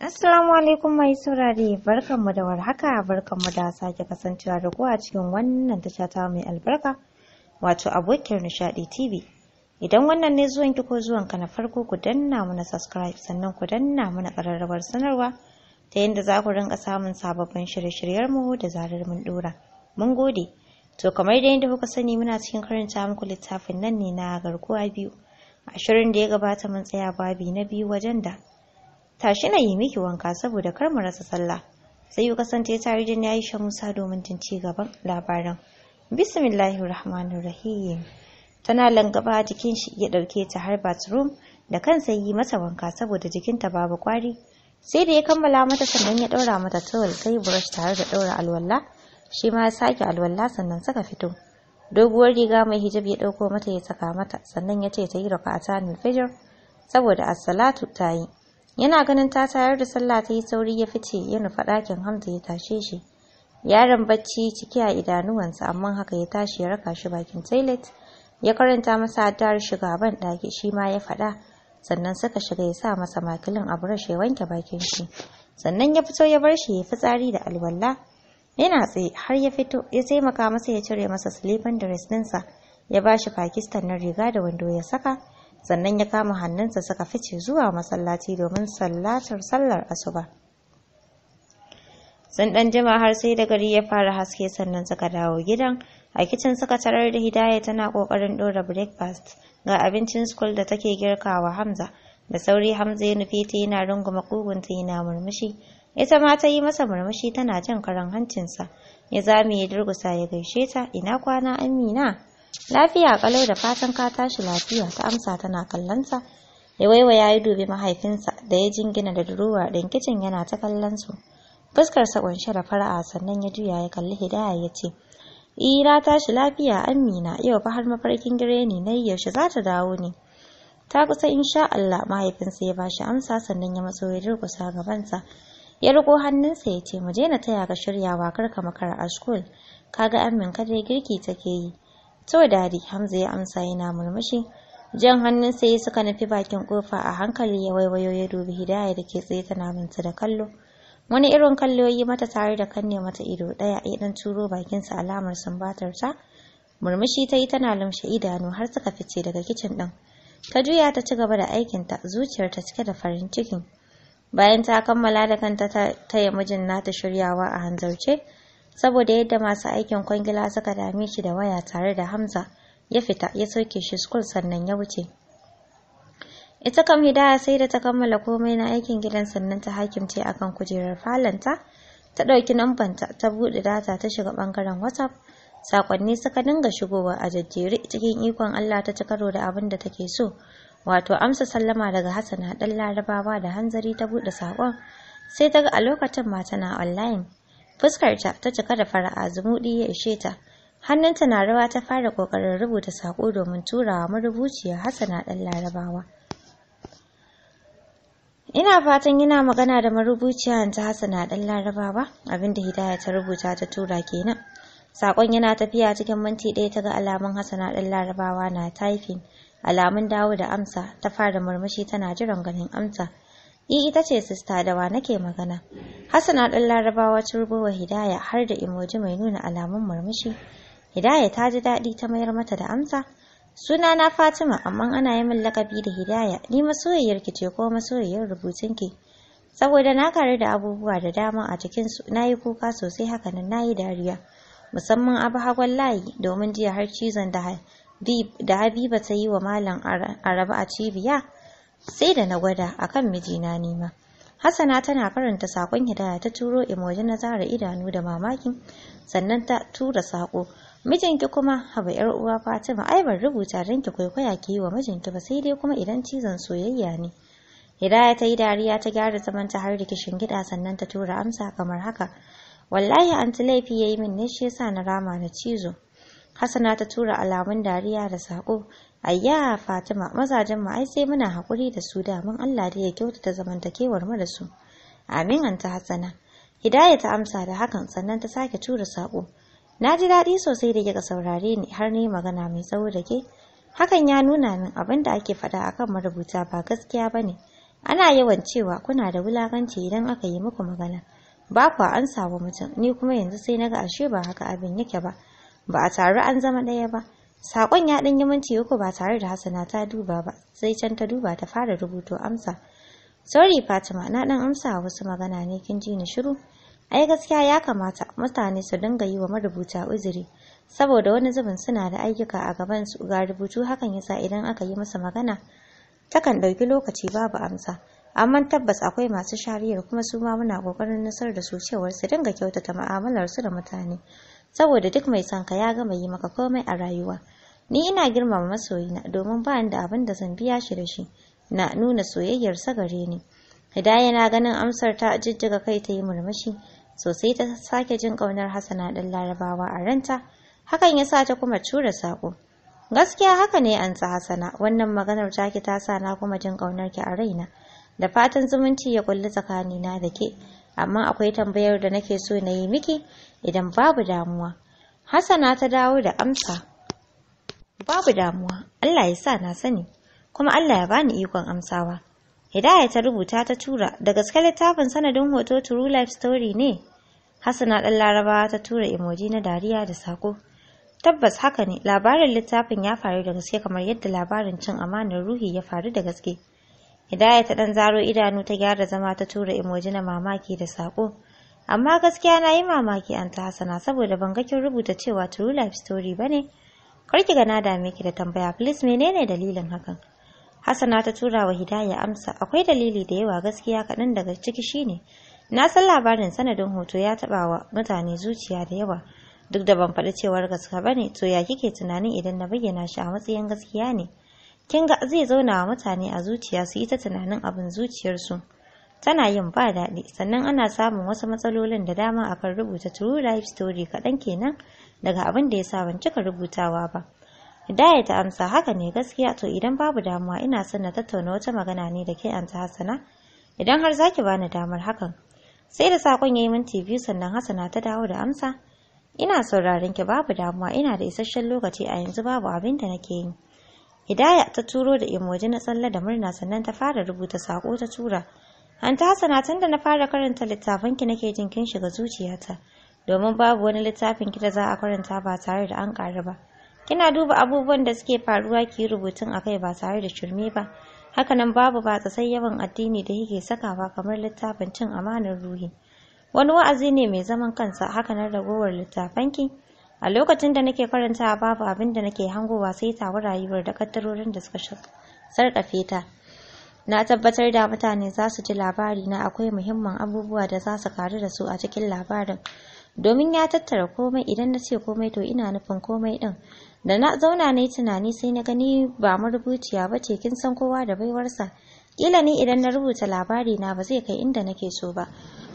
Assalamu alaikum mai saurare barkanmu da warhaka barkanmu da sake kasancewa da ku a cikin wannan tasha ta mai albarka wato abokin nishadi TV. Idan wannan ne zuwan ki ko zuwan ka na farko ku danna mana subscribe sannan ku danna mana kararrawar sanarwa ta yadda za ku rinka samun sababbin shirye mu da zarar mun dora. Mun gode. To kamar da yadda kuka sani muna cikin karanta muku littafin nan ne na garkuwa biyu. Ashirin da ya gabata mun tsaya babi na biyu wajen da tashi na yi miki wanka saboda kar mu rasa sallah sai yi kasance tare da yayi shan musa domin jin ci gaban labaran bismillahir rahmanir rahim tana langaba jikin shi ya dauke ta har bathroom da kansa yi mata wanka saboda jikinta babu kwari sai da ya kammala mata sannan ya daura mata towel sai brush tare da daura alwala shi ma ya sake alwala sannan saka fito doguwar riga mai hijab ya dauko mata ya saka mata sannan ya ce ta yi raka'a ta fajr saboda as-salatu ta yi yana ganin ta tayar da sallah ta yi sauri ya fice ya nufa ɗakin hamza ya tashe shi yaron bacci ciki a idanuwansa amma haka ya tashi ya raka shi bakin toilet ya karanta masa addu'ar shiga ban ɗaki shi ma ya faɗa sannan suka shiga ya sa masa makilin a brush ya wanke bakin shi sannan ya fito ya bar shi ya fitsari da alwala yana tsaye har ya fito ya taimaka masa ya cire masa sleeping dress ɗinsa ya ba shi pakistan na riga da wando ya saka sannan ya kama hannunsa suka fice zuwa masallaci domin sallatar sallar asuba sun ɗan jima har sai da gari ya fara haske sannan suka dawo gidan a kicin suka tarar da hidaya tana ƙoƙarin ɗora breakfast ga abincin school da take girkawa hamza da sauri hamza ya nufi ta yana runguma ƙugunta yana murmushi ita ma ta yi masa murmushi tana jan karan hancinsa ya zame ya durgusa ya gaishe ta ina kwana amina lafiya kalau da fatan ka tashi lafiya ta amsa tana kallonsa ya waiwa ya yi dubi mahaifinsa da ya jingina da durowa ɗin kicin yana ta kallon su fuskar sa kunshe da fara'a sannan ya juya ya kalli hidaya ya ce ira tashi lafiya amina yau fa har mafarkin gireni na yaushe za ta dawo ne ta kusa insha Allah mahaifinsa ya bashi amsa sannan ya matso ya durkusa gabansa ya riko hannunsa ya ce mu je na taya ka shiryawa kar ka makara a school kaga amin kada girki take yi to dadi hamza ya amsa yana murmushi jan hannun sai suka nufi bakin kofa a hankali ya waiwayo ya dubi hidaya da ke tsaye tana minti da kallo wani irin kallo yi mata tare da kanne mata ido daya ya dan turo bakinsa alamar sumbatar ta murmushi ta yi tana lumshe idanu har suka fice daga kicin din ta juya ta ci gaba da aikinta zuciyar ta cike da farin ciki. bayan ta kammala da kanta ta yi mijin nata shiryawa a hanzarce saboda yadda masu aikin kwangila suka dame shi da waya tare da Hamza ya fita ya sauke shi skul sannan ya wuce. Ita kam Hidaya sai da ta kammala komai na aikin gidan sannan ta hakimce akan kujerar falanta, ta ɗauki nambanta ta buɗe data ta shiga ɓangaren WhatsApp. Sakonni suka dinga shigowa a jajjere cikin ikon Allah ta ci karo da abin da take so, wato amsa sallama daga Hassana ɗan larabawa da hanzari ta buɗe saƙon, sai ta ga a lokacin ma tana online. fuskarta ta cika da fara'a zumuɗi ya ishe ta hannunta na rawa ta fara ƙoƙarin rubuta saƙo domin turawa marubuciya Hassana ɗan larabawa ina fatan yana magana da marubuciya ta hasana ɗan larabawa abinda hidaya ta rubuta ta tura kenan saƙon yana tafiya cikin minti ɗaya ta ga alamun Hassana ɗan larabawa na taifin alamun dawo da amsa ta fara murmushi tana jiran ganin amsa Yi ita ce sista da wa nake magana Hassana ɗan larabawa ta rubowa Hidaya har da emoji mai nuna alamun murmushi. Hidaya ta ji daɗi ta mayar mata da amsa. Suna na Fatima amma ana yi min lakabi da Hidaya ni masoyiyar ki ce ko masoyiyar rubutun ki. Saboda na karu da abubuwa da dama a cikin su na yi kuka sosai haka nan na yi dariya. Musamman abu hagon layi domin jiya har cizon da da Habiba ta yi wa Malam Araba a cibiya. Sai da na gwada akan mijina nima. Hassana tana karanta sakon Hidaya ta turo Imoji na zara idanu da mamakin sannan ta tura sako. Mijinki kuma haba yar uwa Fatima ai ban rubuta don kwaikwaya ki yi wa mijinki ba sai dai kuma idan cizon soyayya ne. Hidaya ta yi dariya ta gyara zaman ta har rikishin gida sannan ta tura amsa kamar haka. Wallahi anti laifi yayi min ne shi yasa na rama na cizo. Hassana ta tura alamun dariya da sako. Ayya Fatima mazajen ma ai sai muna haƙuri da su da mun Allah da ya kyautata zamantakewar mu da su. Amin anta Hassana. Hidaya ta amsa da hakan sannan ta sake tura saƙo. Na ji daɗi sosai da kika saurare ni har ni magana mai tsawo da ke. Hakan ya nuna min abin da ake faɗa akan marubuta ba gaskiya ba ne. Ana yawan cewa kuna da wulakanci idan aka yi muku magana. Ba kwa an samu mutum, ni kuma yanzu sai naga ashe ba haka abin yake ba. Ba a taru an zama ɗaya ba. sakon ya ɗan yi minti uku ba tare da Hassana ta duba ba, sai can ta duba ta fara rubuto amsa. Sorry Fatima, na ɗan amsa wasu magana ne kin ji ni shiru. Ai gaskiya ya kamata mutane su dinga yi wa marubuta uzuri, saboda wani zubin suna da ayyuka a gaban su ga rubutu hakan yasa idan aka yi masa magana takan ɗauki lokaci babu amsa. Amma tabbas akwai masu shariyar kuma su ma muna ƙoƙarin nasar da su cewar su dinga kyautata mu'amalar su da mutane. saboda duk mai son ya gama yi maka komai a rayuwa ni ina girmama masoyina domin ba da abin da zan biya shi da shi na nuna soyayyar sa gare ni hidaya yana ganin amsar ta jijjiga kai ta yi murmushi sosai ta sake jin ƙaunar Hassana ɗan larabawa a ranta hakan ya sa ta kuma cura sako. gaskiya haka ne an Hassana. wannan maganar taki ta sa na kuma jin ƙaunar ki a raina da fatan zumunci ya kulli tsakanina da ke amma akwai tambayar da nake so na yi miki idan babu damuwa hassana ta dawo da amsa babu damuwa allah ya sa na sani kuma allah ya bani ikon amsawa hidaya ta rubuta ta tura da gaske littafin sanadin hoto true life story ne hassana ɗan larabawa ta tura emoji na dariya da sako tabbas haka ne labarin littafin ya faru da gaske kamar yadda labarin cin amanar ruhi ya faru da gaske Hidaya ta ɗan zaro idanu ta gyara zama ta tura emoji na mamaki da sako. Amma gaskiya na yi mamaki an ta hasana saboda ban ga kin rubuta cewa true life story bane ne. Karki ga na dame da tambaya please menene dalilin hakan? Hassana ta tura wa Hidaya amsa akwai dalili da yawa gaskiya kaɗan daga ciki shine na san labarin sanadin hoto ya taɓa wa mutane zuciya da yawa duk da ban faɗi cewar gaska bane to ya kike tunanin idan na bayyana shi a matsayin gaskiya ne? kin ga zai zauna wa mutane a zuciya su yi ta tunanin abin zuciyarsu tana yin ba daɗi sannan ana samun wasu matsalolin da dama akan rubuta true life story kaɗan kenan daga abin da ya sa ban cika rubutawa ba Hidaya ta amsa haka ne gaskiya to idan babu damuwa ina son na tattauna wata magana ne da ke anta Hassana idan har zaki bani damar hakan sai da sakon yi minti biyu sannan Hassana ta dawo da amsa ina sauraron ki babu damuwa ina da isasshen lokaci a yanzu babu abin da nake yi Hidaya ta turo da emoji na tsalle da murna sannan ta fara rubuta sako ta tura. Hanta Hassana tun da na fara karanta ki nake jin kin shiga zuciyata. Domin babu wani littafin ki da za a karanta ba tare da an ƙara ba. Kina duba abubuwan da suke faruwa ki rubutun akai ba tare da shirme ba. Hakanan babu ba sai yawan addini da yake sakawa kamar littafin cin amanar ruhi. Wani wa'azi ne mai zaman kansa hakanan ragowar littafanki a lokacin da nake karanta babu abin da nake hangowa sai tawa rayuwar da kaddarorin da suka sarkafe ta na tabbatar da mutane za su ji labari na akwai muhimman abubuwa da za su karu da su a cikin labarin domin ya tattara komai idan na ce komai to ina nufin komai din da na zauna na yi tunani sai na gani ba marubuciya ba ce kin san kowa da baiwarsa kila ni idan na rubuta labari na ba zai kai inda nake so ba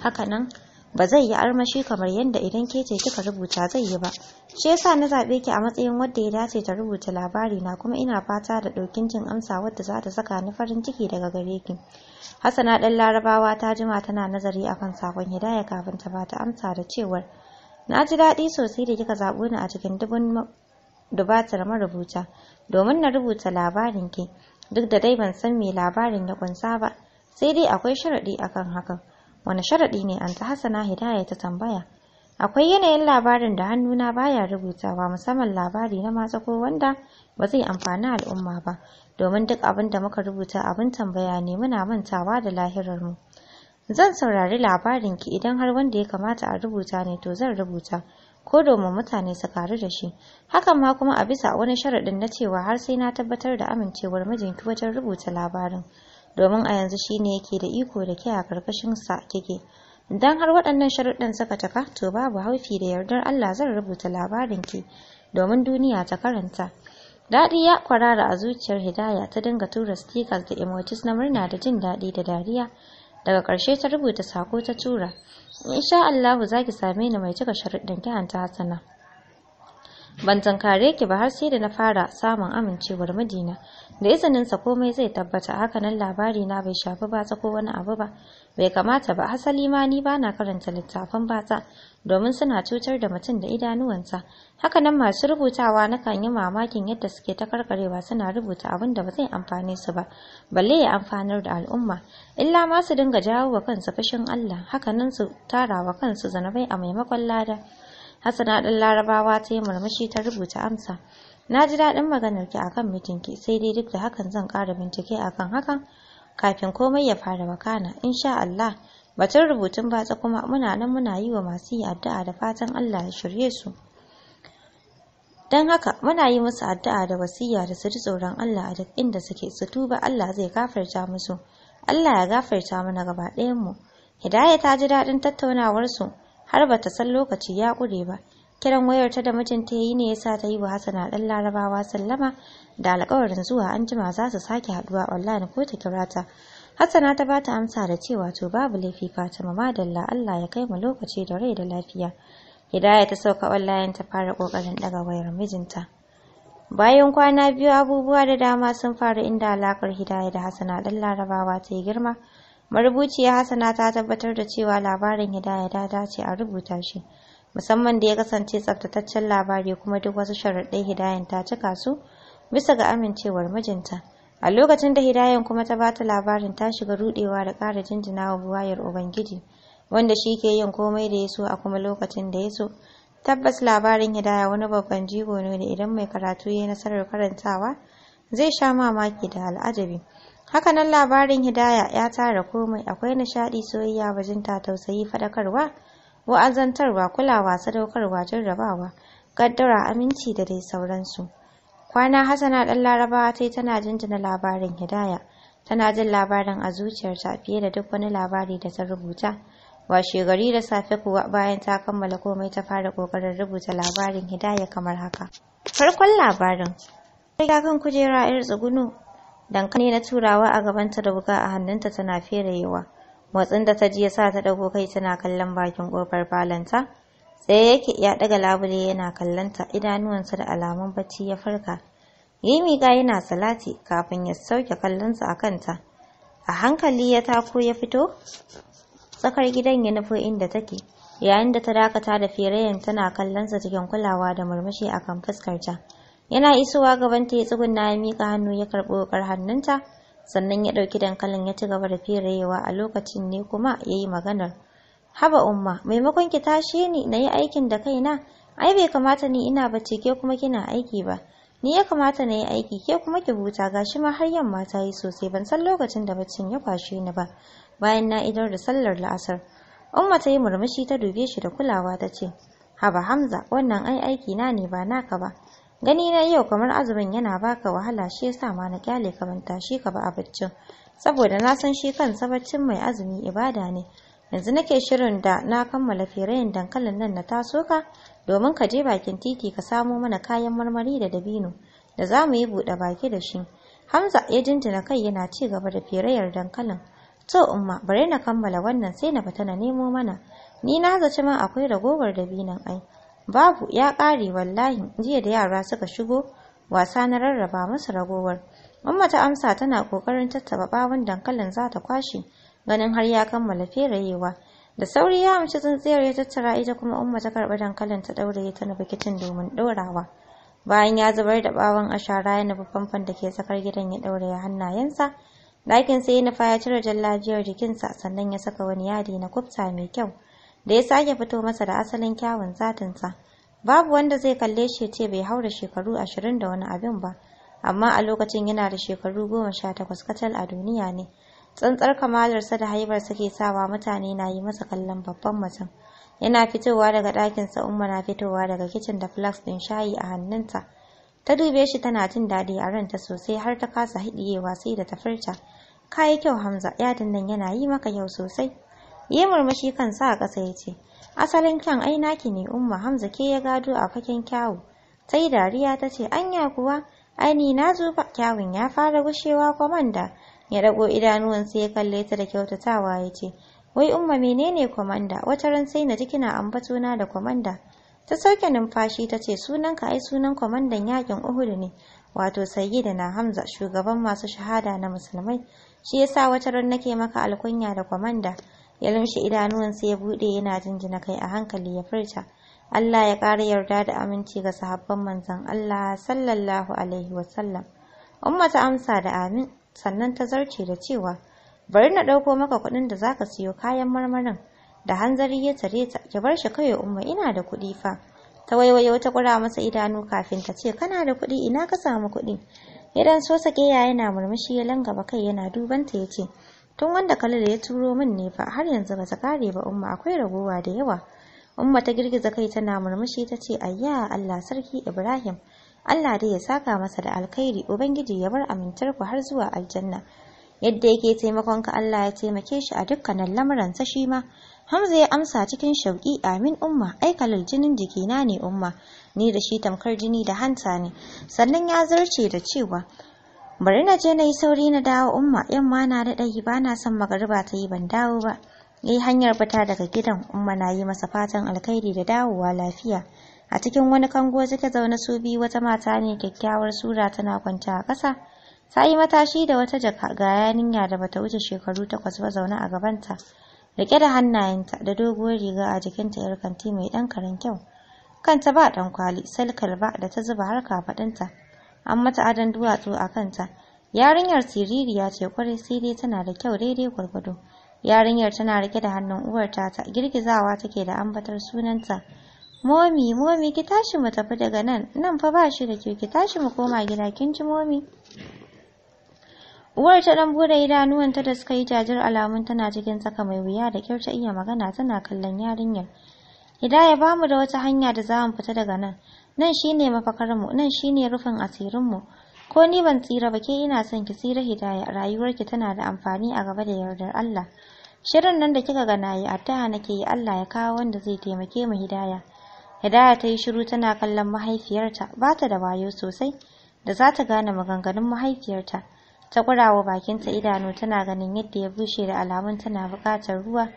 haka nan. ba zai yi armashi kamar yadda idan ke ce kika rubuta zai yi ba shi yasa na zaɓe ki a matsayin wadda ya dace ta rubuta labari na kuma ina fata da ɗaukin jin amsa wadda za ta saka ni farin ciki daga gare ki Hassana ɗan Larabawa ta jima tana nazari akan sakon Hidaya kafin ta bata amsa da cewar na ji daɗi sosai da kika zaɓo ni a cikin dubun dubatar marubuta domin na rubuta labarin ki duk da dai ban san me labarin ya kunsa ba sai dai akwai sharaɗi akan hakan wani sharaɗi ne an ta hasana hidaya ta tambaya akwai yanayin labarin da hannuna baya rubutawa musamman labari na matsa ko wanda ba zai amfani al'umma ba domin duk abin da muka rubuta abin tambaya ne muna mantawa da lahirarmu zan saurari labarin ki idan har wanda ya kamata a rubuta ne to zan rubuta ko domin mutane su karu da shi hakan ma kuma a bisa wani sharaɗin na cewa har sai na tabbatar da amincewar mijinki wajen rubuta labarin domin a yanzu shi ne yake da iko da ke a karkashin sa kike idan har waɗannan sharuɗin suka taka to babu haufi da yardar Allah zan rubuta labarin ki domin duniya ta karanta daɗi ya kwarara a zuciyar hidaya ta dinga tura stickers da emojis na murna da jin daɗi da dariya daga ƙarshe ta rubuta sako ta tura insha za ki same ni mai cika sharuɗin ki hanta Hassana ban tankare ki ba har sai da na fara samun amincewar Madina da izininsa komai zai tabbata hakanan labari na bai shafi batsa ko wani abu ba bai kamata ba hasali ma ni bana karanta littafan batsa domin suna cutar da mutum da idanuwansa hakanan masu rubutawa na kan yi mamakin yadda suke ta karkarewa suna rubuta abin da ba zai amfane su ba balle ya amfanar da al'umma illa ma su dinga jawo wa kansu fashin Allah hakanan su tara wa kansu zanabai a maimakon lada Hassana ɗan larabawa ta yi murmushi ta rubuta amsa na ji daɗin maganar ki akan mijinki sai dai duk da hakan zan ƙara bincike akan hakan kafin komai ya fara makana insha Allah batun rubutun batsa kuma muna nan muna yi wa masu yi addu'a da fatan Allah ya shirye su don haka muna yi musu addu'a da wasiya da su ji tsoron Allah a duk inda suke su tuba Allah zai gafarta musu Allah ya gafarta mana gaba ɗayan mu Hidaya ta ji daɗin tattaunawarsu har bata san lokaci ya ƙure ba kiran wayar ta da mijinta yayi ne ya sa ta yi wa Hassana dan Larabawa sallama da alƙawarin zuwa anjima za su sake haduwa online ko ta kira ta Hassana ta bata amsa da cewa to babu laifi Fatima madalla Allah ya kai mu lokaci da rai da lafiya Hidaya ta sauka online ta fara kokarin ɗaga wayar mijinta Bayan kwana biyu abubuwa da dama sun faru inda alaƙar Hidaya da Hassana ɗan Larabawa ta yi girma marubuciya Hassana ta tabbatar da cewa labarin Hidaya ta dace a rubuta shi musamman da ya kasance tsaftataccen labari kuma duk wasu sharaɗai hidayen ta cika su bisa ga amincewar mijinta a lokacin da hidayen kuma ta ba ta labarin ta shiga rudewa da ƙara jinjina wa buwayar ubangiji wanda shi ke yin komai da ya so a kuma lokacin da ya so tabbas labarin hidaya wani babban jigo ne da idan mai karatu ya yi nasarar karantawa zai sha mamaki da al'ajabi hakanan labarin hidaya ya tara komai akwai nishaɗi soyayya bajinta tausayi faɗakarwa wa'azantarwa kulawa sadaukarwa jarrabawa gaddara aminci da dai sauransu kwana Hassana ɗan larabawa ta yi tana jinjina labarin hidaya tana jin labarin a zuciyarta fiye da duk wani labari da ta rubuta washe gari da safe kuwa bayan ta kammala komai ta fara ƙoƙarin rubuta labarin hidaya kamar haka farkon labarin ya kan kujera yar tsugunu dankali na turawa a gabanta da buga a hannunta tana ferayewa motsin da ta ji ya sa ta ɗago kai tana kallon bakin ƙofar falonta tsaye yake ya ɗaga labule yana kallonta idanuwansa da alamun bacci ya farka yimi ga yana salati kafin ya sauke kallonsa a kanta a hankali ya tako ya fito tsakar gidan ya nufo inda take yayin da ta dakata da firayen tana kallonsa cikin kulawa da murmushi akan fuskarta yana isowa gabanta ya tsugunna ya miƙa hannu ya karɓo ƙar hannunta sannan ya ɗauki dankalin ya ci gaba da ferayewa a lokacin ne kuma ya yi maganar haba umma maimakon ki tashe ni na yi aikin da kaina ai bai kamata ni ina bacci ke kuma kina aiki ba ni ya kamata na yi aiki ke kuma ki huta gashi ma har yamma ta yi sosai ban san lokacin da baccin ya kwashe ni ba bayan na idar da sallar la'asar umma ta yi murmushi ta dube shi da kulawa ta ce haba hamza wannan ai aiki na ne ba naka ba gani na yau kamar azumin yana baka wahala shi yasa ma na kyale ka ban tashi ka ba a baccin saboda na san shi kan sabaccin mai azumi ibada ne yanzu nake shirin da na kammala ferayen dankalin nan na taso ka domin ka je bakin titi ka samo mana kayan marmari da dabino da za mu yi buɗe baki da shi hamza ya jinjina kai yana ci gaba da ferayar dankalin to umma bari na kammala wannan sai na fita na nemo mana ni na zaci ma akwai ragowar dabinon ai babu ya ƙare wallahi jiya da yara suka shigo wasa na rarraba musu ragowar umma ta amsa tana ƙoƙarin tattaba ɓawon dankalin za ta kwashe ganin har ya kammala ferayewa da sauri ya amshi tsintsiyar ya tattara ita kuma umma ta karɓi dankalin ta ɗauraye ta nufi kicin domin ɗorawa bayan ya zubar da ɓawon ashara ya nufi famfon da ke tsakar gidan ya ya hannayensa ɗakin sai ya nufa ya cire jallabiyar jikinsa sannan ya saka wani yadi na kufta mai kyau da ya sake fito masa da asalin kyawun zatinsa babu wanda zai kalle shi ce bai haura shekaru ashirin da wani abin ba amma a lokacin yana da shekaru goma sha takwas kacal a duniya ne tsantsar kamalarsa da haibar suke sawa mutane na yi masa kallon babban mutum yana fitowa daga ɗakinsa umma na fitowa daga kicin da flax ɗin shayi a hannunta ta dube shi tana jin daɗi a ranta sosai har ta kasa hiɗiyewa sai da ta furta kayi kyau hamza yadin nan yana yi maka yau sosai yi murmushi kan sa a ƙasa ya ce asalin kyan ai naki ne umma hamza ke ya gado a fakin kyawu ta yi dariya ta ce anya kuwa aini na zuba kyawun ya fara gushewa kwamanda ya idanuwan sai ya kalle ta da kyautatawa ya ce wai umma menene kwamanda wata ran sai na ji kina na da kwamanda ta sauke numfashi ta ce sunanka ai sunan kwamandan yakin uhudu ne wato sayyida na hamza shugaban masu shahada na musulmai shi yasa wata ran nake maka alkunya da kwamanda ya lumshe idanuwansa ya bude yana jinjina kai a hankali ya furta Allah ya ƙara yarda da aminci ga sahabban manzon Allah sallallahu alaihi sallam umma ta amsa da amin sannan ta zarce da cewa bari na ɗauko maka kuɗin da zaka siyo kayan marmarin da hanzari ya tare ta ki bar shi kai umma ina da kuɗi fa ta waiwayo ta kura masa idanu kafin ta ce kana da kuɗi ina ka samu kuɗi idan so sake yana murmushi ya langaba kai yana dubanta ta yace tun wanda Khalil ya turo min ne fa har yanzu ba ta kare ba umma akwai ragowa da yawa umma ta girgiza kai tana murmushi ta ce ayya Allah sarki Ibrahim Allah dai ya saka masa da alkhairi ubangiji ya bar amintar ku har zuwa aljanna yadda yake taimakon ka Allah ya taimake shi a dukkanin lamuransa shi ma Hamza ya amsa cikin shauki amin umma ai Kalal jinin jikina ne umma ni da shi tamkar jini da hanta ne sannan ya zarce da cewa bari na je na yi sauri na dawo umma yamma na da ɗayi ba na son magariba ta yi ban dawo ba Yi hanyar fita daga gidan umma na yi masa fatan alkhairi da dawowa lafiya a cikin wani kango suka zaune su biyu wata mata ne kyakkyawar sura tana kwanta a ƙasa ta yi matashi da wata jaka ga yarinya da bata wuce shekaru takwas ba zaune a gabanta rike da hannayenta da doguwar riga a jikinta yar kanti mai ɗan karen kyau kanta ba ɗan kwali salkal ba da ta zuba har kafaɗinta an mata adon duwatsu a kanta yarinyar siririya ce kwarai sai dai tana da kyau daidai gwargwado yarinyar tana rike da hannun uwarta ta girgizawa take da ambatar sunanta momi momi ki tashi mu tafi daga nan nan fa ba shi da kyau ki tashi mu koma gida kin ji momi uwar ta dan bude idanuwanta da suka yi jajir alamun tana cikin saka mai wuya da kyau ta iya magana tana kallon yarinyar hidaya ba mu da wata hanya da za mu fita daga nan nan shine mu. nan shine rufin asirinmu ko ni ban tsira ba ke ina son ki tsira hidaya rayuwarki tana da amfani a gaba da yardar Allah shirin nan da kika ga nayi addu'a nake yi Allah ya kawo wanda zai taimake mu hidaya hidaya ta yi shiru tana kallon mahaifiyarta ba ta da wayo sosai da za ta gane maganganun mahaifiyarta ta kurawa bakinta idanu tana ganin yadda ya bushe da alamun tana buƙatar ruwa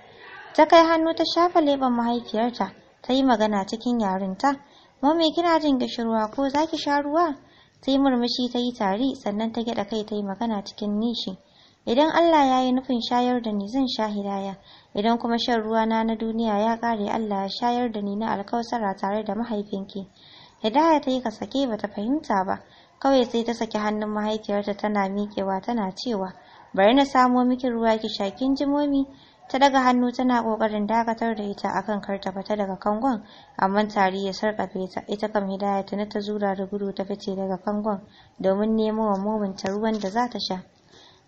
ta kai hannu ta shafa leɓen mahaifiyarta ta yi magana cikin yarinta Mami kina jin gishirwa ko za ki sha ruwa? Ta yi murmushi ta yi tari sannan ta gyaɗa kai ta yi magana cikin nishi. Idan Allah ya yi nufin shayar da ni zan sha hidaya, idan kuma shan ruwa na duniya ya ƙare Allah ya shayar da ni na alkausara tare da mahaifinki. Hidaya ta yi ka sake ba ta fahimta ba, kawai sai ta saki hannun mahaifiyarta tana miƙewa tana cewa, bari na samo miki ruwa ki sha kin ji momi, ta daga hannu tana kokarin dakatar da ita akan kar ta fita daga kangon amma tari ya sarkafe ta ita kam hidaya na ta zura da gudu ta fice daga kangon domin nemo wa mominta ruwan da za ta sha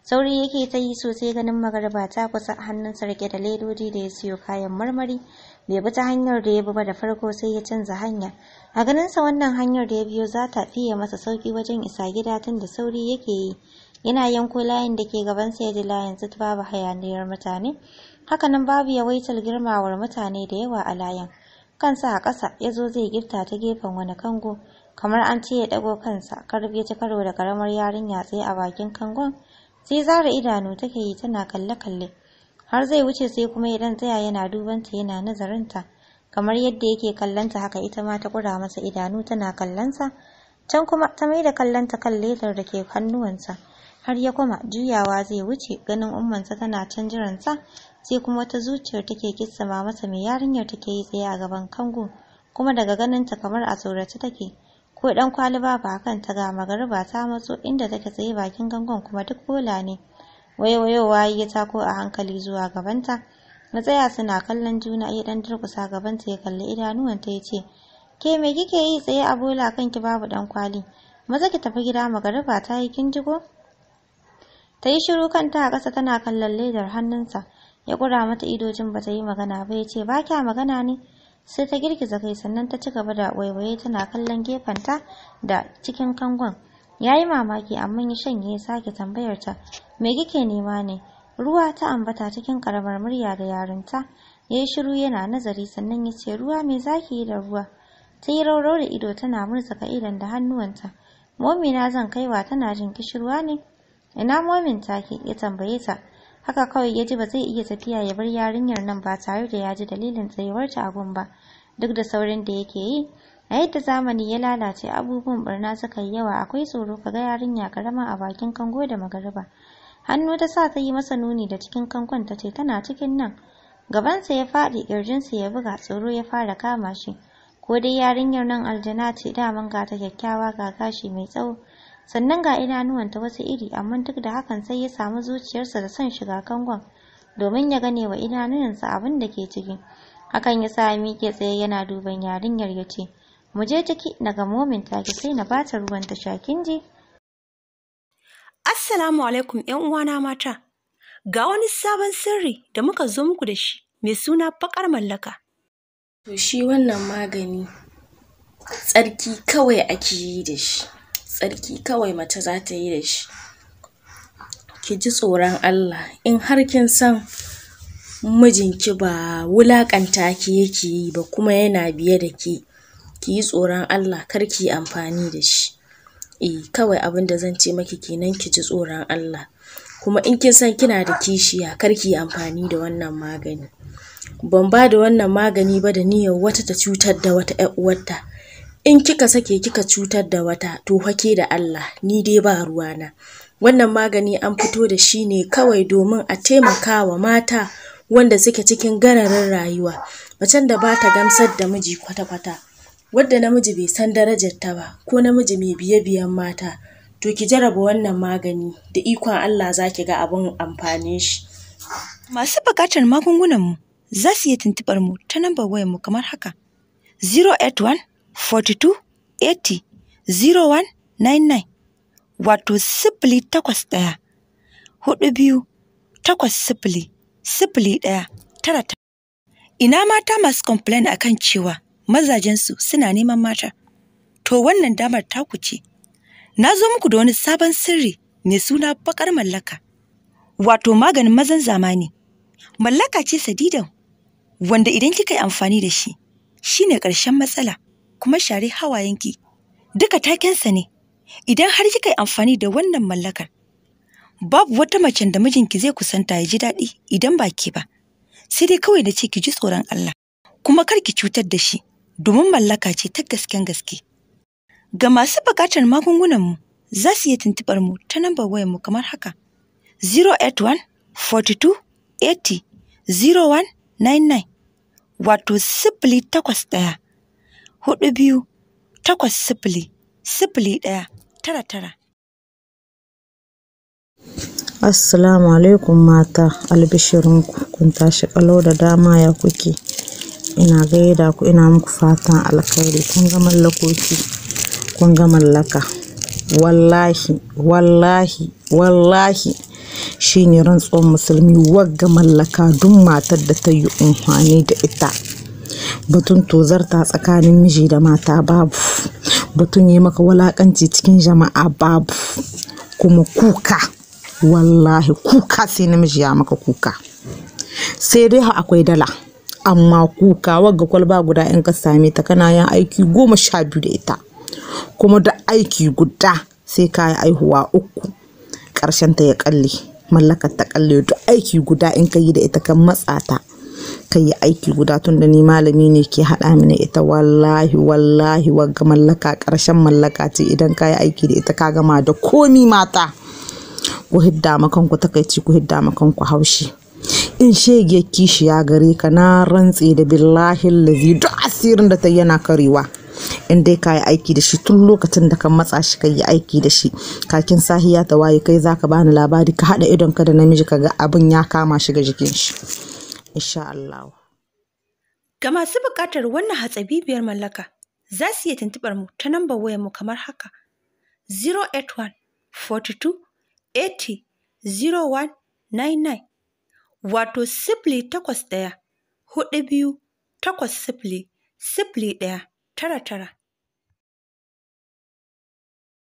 sauri yake ta yi sosai ganin magarba ta kusa hannun sarke da ledodi da ya siyo kayan marmari bai bi ta hanyar da ya bi ba da farko sai ya canza hanya a ganinsa wannan hanyar da ya biyo za ta fiye masa sauki wajen isa gida tun da sauri yake yi yana yanko layin da ke gabansa ya ji layin babu hayaniyar mutane hakanan babu yawaitar girmawar mutane da yawa a layan kansa a ƙasa ya zo zai gifta ta gefen wani kango kamar an ce ya ɗago kansa karfe ta karo da karamar yarinya tsaye a bakin kangon sai zara idanu take yi tana kalle-kalle har zai wuce sai kuma idan tsaya yana dubanta yana nazarinta kamar yadda yake kallanta haka ita ma ta kura masa idanu tana kallansa can kuma ta mai da kallanta kan ledar da ke hannuwansa har ya kuma juyawa zai wuce ganin ummansa tana can jiransa sai kuma wata zuciyar take kissama masa mai yarinyar take yi tsaye a gaban kango kuma daga ganinta kamar a tsorace take ko dan kwaliba ba kan ta ga magariba ta matso inda take tsaye bakin gangon kuma duk bola ne wayewayowa ya tako a hankali zuwa gabanta na tsaya suna kallon juna ya dan durkusa gabanta ya kalli idanuwanta ya ce ke me kike yi tsaye a bola kanki babu dan kwali maza ki tafi gida magariba ta yi kin jigo ta yi shiru kanta a ƙasa tana kallon ledar hannunsa ya kura mata ido jin bata yi magana ba ya ce ba kya magana ne sai ta girgiza kai sannan ta ci gaba da waiwaye tana kallon gefenta da cikin kangon ya yi mamaki amma ya shanye ya sake tambayar ta me kike nema ne ruwa ta ambata cikin karamar murya da yarinta ya yi shiru yana nazari sannan ya ce ruwa me zaki yi da ruwa ta yi rauro da ido tana murza idan da hannuwanta momina zan kaiwa tana jin kishirwa ne ina momin take ya tambaye ta haka kawai ya ji ba zai iya tafiya ya bar yarinyar nan ba tare da ya ji dalilin tsayuwarta a gun ba duk da saurin da yake yi a yadda zamani ya lalace abubuwan barna suka yi yawa akwai tsoro ka ga yarinya karama a bakin kango da magariba hannu ta sa ta yi masa nuni da cikin kangon ta ce tana cikin nan gabansa ya faɗi ƙirjinsa ya buga tsoro ya fara kama shi ko dai yarinyar nan aljana ce daman ga ta kyakkyawa ga gashi mai tsawo sannan ga idanuwanta wasu iri amma duk da hakan sai ya samu zuciyarsa da son shiga kangon domin ya gane wa idanuwansa abin da ke ciki hakan ya sa miƙe tsaye yana duban yarinyar ya ce mu je ciki daga momin take sai na bata ruwan ta sha je assalamu alaikum yan uwana mata ga wani sabon sirri da muka zo muku da shi mai suna baƙar mallaka to shi wannan magani tsarki kawai ake yi da shi tsarki kawai mace za ta yi da shi ki ji tsoron Allah in har kin san mijinki ba wulaƙanta ki yake yi ba kuma yana biye da ke ki yi tsoron Allah kar ki yi amfani da shi eh kawai abin da zan ce maki kenan ki ji tsoron Allah kuma in kin san kina da kishiya kar ki yi amfani da wannan magani ban ba da wannan magani ba da niyyar wata ta cutar da wata yar uwarta in kika sake kika cutar da wata to hake da Allah ni dai ba ruwana wannan magani an fito da shi ne kawai domin a taimaka wa mata wanda suke cikin gararin rayuwa macen da ba ta gamsar da miji kwata-kwata wadda namiji bai san darajar ta ba ko namiji mai biye-biyen mata to ki jaraba wannan magani da ikon Allah za ki ga abin amfanin shi masu buƙatar magungunan mu za su yi tuntuɓar mu ta number wayar mu kamar haka 081 42 80 0199 wato sifili takwas ɗaya hudu biyu takwas sifili sifili ɗaya tara ta ina mata masu complain akan cewa mazajensu suna neman mata to wannan damar ta kuce. na zo muku da wani sabon sirri mai suna bakar mallaka wato maganin mazan zamani mallaka ce sadidan wanda idan kika yi amfani da shi shine ƙarshen matsala kuma share hawayenki duka takensa ne idan har kika yi amfani da wannan mallakar babu wata macen da mijinki zai kusanta ya ji daɗi idan ba ke ba sai dai kawai da ce ki ji tsoron Allah kuma kar ki cutar da shi domin mallaka ce ta gasken gaske ga masu buƙatar magungunan mu za su iya tuntubar mu ta number wayar mu kamar haka 081 42 80 0199 wato sifili takwas ɗaya hudu biyu takwas sifili sifili ɗaya tara tara. Assalamu alaikum mata albishirinku kun tashi kalo da dama ya kuke ina gaida ku ina muku fatan alkhairi kun ga mallakoki kun ga mallaka wallahi wallahi wallahi shine rantsuwar musulmi wagga mallaka duk matar da ta yi amfani da ita batun tozarta tsakanin miji da mata babu batun yi maka walakanci cikin jama'a babu kuma kuka wallahi kuka sai namiji ya maka kuka sai dai akwai dala amma kuka wagga kwalba guda in ka same ta kana yin aiki goma sha biyu da ita kuma da aiki guda sai ka yi aihuwa uku Karshen ta ya kalle mallakar ta kalle duk aiki guda in ka yi da ita kan matsata. kan yi aiki guda tun da ni malami ne ke haɗa mini ita wallahi wallahi wagga mallaka ƙarshen mallaka ce idan ka yi aiki da ita ka gama da komi mata ku hidda makanku takaici ku hidda makanku haushi in shege kishi ya gare ka na rantse da billahi lazi duk asirin da ta yana karewa in dai ka yi aiki da shi tun lokacin da ka matsa shi ka yi aiki da shi kakin sahiya ta waye kai zaka bani labari ka haɗa idon ka da namiji ka ga abin ya kama shi ga jikin shi insha Allah. Ga masu buƙatar wannan hatsabibiyar mallaka za su iya tuntuɓar mu ta nambar wayar mu kamar haka 081 42 80 0199 wato sifili takwas ɗaya huɗu biyu takwas sifili sifili ɗaya tara tara